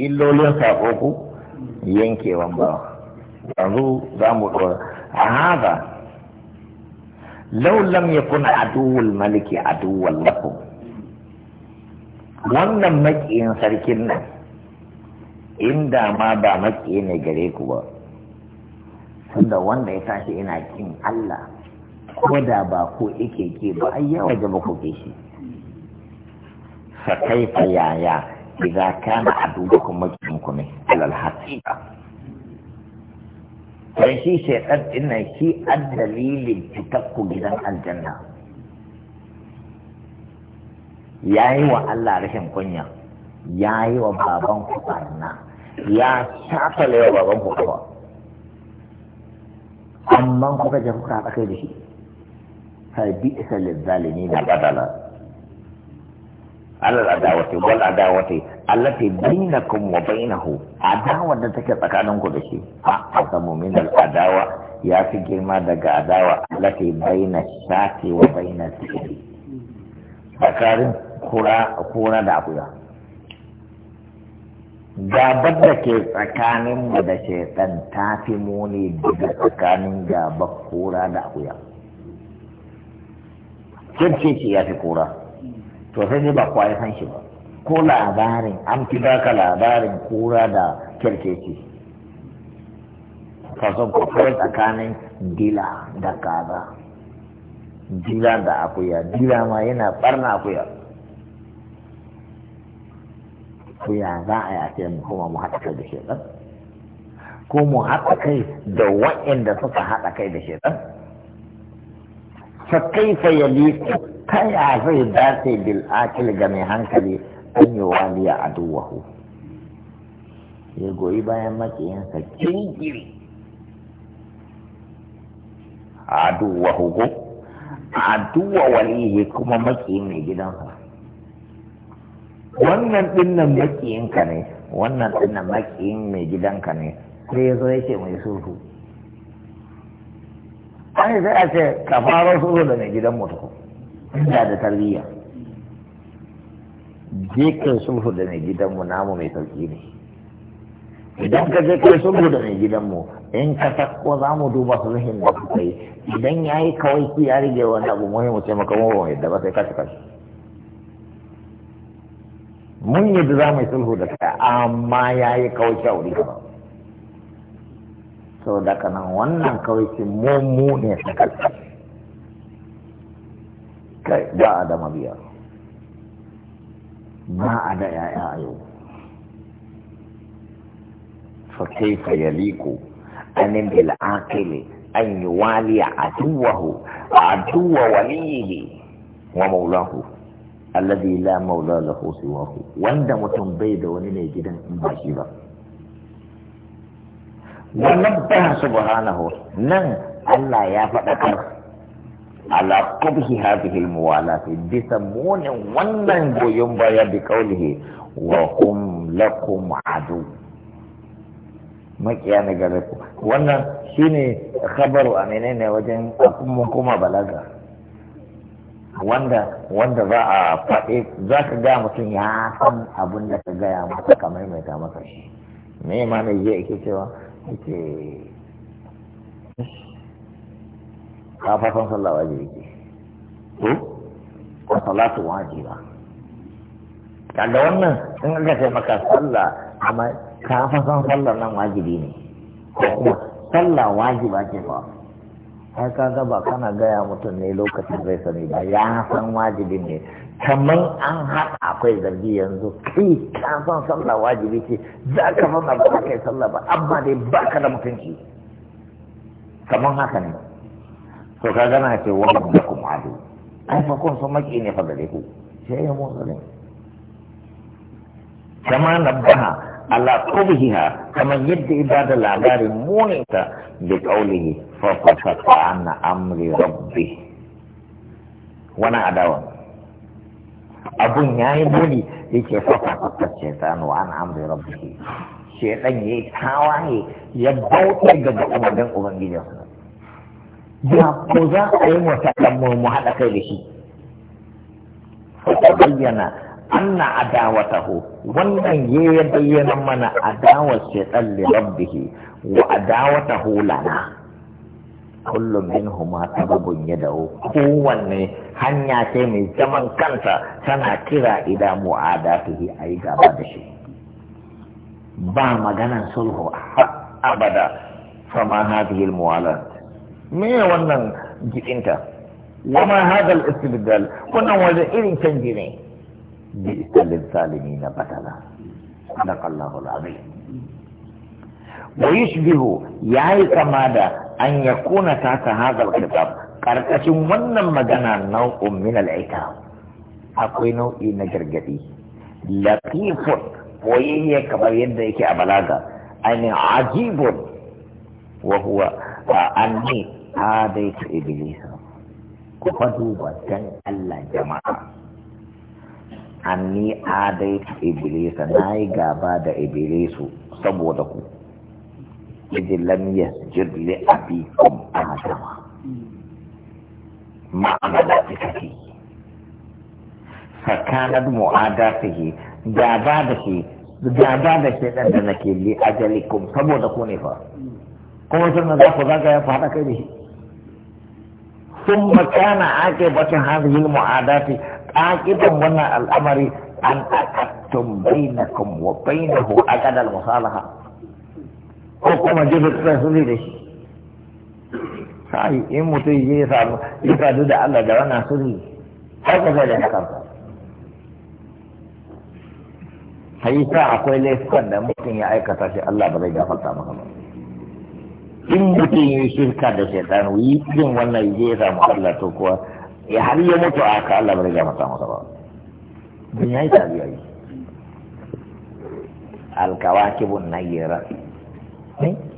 illolin saƙo ku yankewan ba yanzu za mu ɗora a haza lau lam kuna aduwul maliki aduwul lafu wannan maƙiyin sarkin nan inda ma ba maƙiyi ne gare ku ba tunda wanda ya tashi ina kin Allah ko da ba ko ike ke ba ai yawa da ba ku ke shi fa yaya إذا كان عدوكم مجمعكم على الحقيقة shi شيطان إن شيء الدليل تتبقوا جدا الجنة yayi wa Allah rashin kunya yayi wa baban ku barna ya shafa lewa baban ku kawa amma kuka je kuka haɗa kai da shi fa bi isa lizzalimi da badala على العداوة والعداوة التي بينكم وبينه عداوة تكي تكانون كل شيء girma من العداوة يا في جرما دقا عداوة التي بين الشاة وبين الذئب فكارن كورا كورا دعوة gabar da ke tsakaninmu da shaitan ta fi muni daga tsakanin gabar kura da akuya. Kirce ya fi kura. to sai dai ba kowa ya san shi ba ko labarin an fi baka labarin kura da kyarkeci kasan kwakwai tsakanin dila da kaza dila da akuya dila ma yana barna akuya akuya za a yace mu kuma mu haɗa kai da ɗan? ko mu haɗa kai da waɗanda suka haɗa kai da shekan fa kaifa yaliku ta ya zai dace bil akil ga mai hankali an yi waliya a duwahu ya goyi bayan makiyansa kingiri a duwahu ko a duwa walihi kuma makiyin mai gidansa wannan dinnan makiyinka ne wannan dinnan makiyin mai gidanka ne sai ya zo ya ce mai sufu, ai sai a ce ka fara sulhu da mai gidan mutum inda da tarbiyya je kai sulhu da mai gidanmu namu mai sauki ne idan ka je kai sulhu da mai gidanmu in ka sako za mu duba sulhin da kuka yi idan ya yi kawai ki ya rige wani abu mai ce maka mu ba yadda ba sai kashe-kashe. mun mun yadda za mu sulhu da kai amma ya yi kawai ki a wuri gaba sau da kanan wannan kawai ki mu mu ne sakarsa kai ba a da mabiya ba a da yaya a yau fa kaifa yaliku anin bil aqili an yuwali aduwahu aduwa waliyihi wa maulahu alladhi la maula lahu siwahu wanda mutum bai da wani ne gidan in ba shi ba wannan ba subhanahu nan Allah ya faɗa kansa ala kubhi hadhihi almuwalati bisa munin wannan goyon baya bi qawlihi wa hum lakum adu makiya ne gare ku wannan shine khabaru a menene wajen mun kuma balaga wanda wanda za a faɗe za ka ga mutum ya san abin da ka gaya masa ka maimaita masa shi me ma ne je yake cewa yake ka fa sallah wajibi ke? to ko salatu wajiba kaga wannan in aka ce maka sallah amma ka fa sallah nan wajibi ne ko kuma sallah wajiba ce fa ai ga ba kana gaya mutum ne lokacin zai sani ba ya san wajibi ne kamar an haɗa akwai zargi yanzu kai ka san sallah wajibi ce za ka san ba kai sallah ba amma dai baka da mutunci kamar haka ne to ka gana ce wa rabbakum adu ai fa kun so maki ne fa gare ku sai ya mu ne kama nabaha ala qubhiha kama yadda ibada labarin munita bi qawlihi fa fasaka anna amri rabbi wannan adawa abun yayi muni yake fa shaytan wa an amri rabbi shedan yayi tawaye ya bauta daga umarnin ubangijinsa ya ko za a yi wata ɗan mu haɗa kai da shi ta bayyana anna adawatahu wannan ya yi bayyana mana adawar shaitan li rabbihi wa adawatahu lana kullum min huma sababun ya dawo kowanne hanya ce mai zaman kanta tana kira ida mu'adatihi a yi gaba da shi ba maganan sulhu abada fama hadhihi al-mu'alat me wannan jikinta wama hadal istibdal wannan wajen irin canji ne bi istalil salimi na batala sadaqallahu alazim wa yushbihu yayi kama da an yakuna ta ta hadal kitab karkashin wannan magana nau'un min al'ita akwai nau'i na gargadi latifun boyayye kamar yadda yake a balaga ainihin ajibun wa huwa wa anni hadaitu iblisa ku fadu dan Allah jama'a anni adaitu iblisa na yi gaba da iblisu saboda ku idin lam yasjud li abikum adama ma'amala tikati fakanat mu'adatihi gaba da shi gaba da shi dan da nake li ajalikum saboda ku ne fa ko wasu na za ku zaga ya faɗa kai da shi sun makana ake bacin hanzin mu'adati ƙaƙidan wannan al'amari an akattun bainakum wa bainahu a ƙadal musalaha ko kuma jirgin kusan sun da shi sai in mutu yi ya samu ya sadu da Allah da wannan sunni har ka zai da ya kansa hayi sa akwai laifukan da mutum ya aikata shi Allah ba zai gafarta maka ba in mutum ya yi shirka da shaitan yi irin wannan je ya samu Allah to kuwa ya har yi mutu a haka Allah bai ga samu masa ba don ya yi tabiya yi alkawakibun nayyara eh?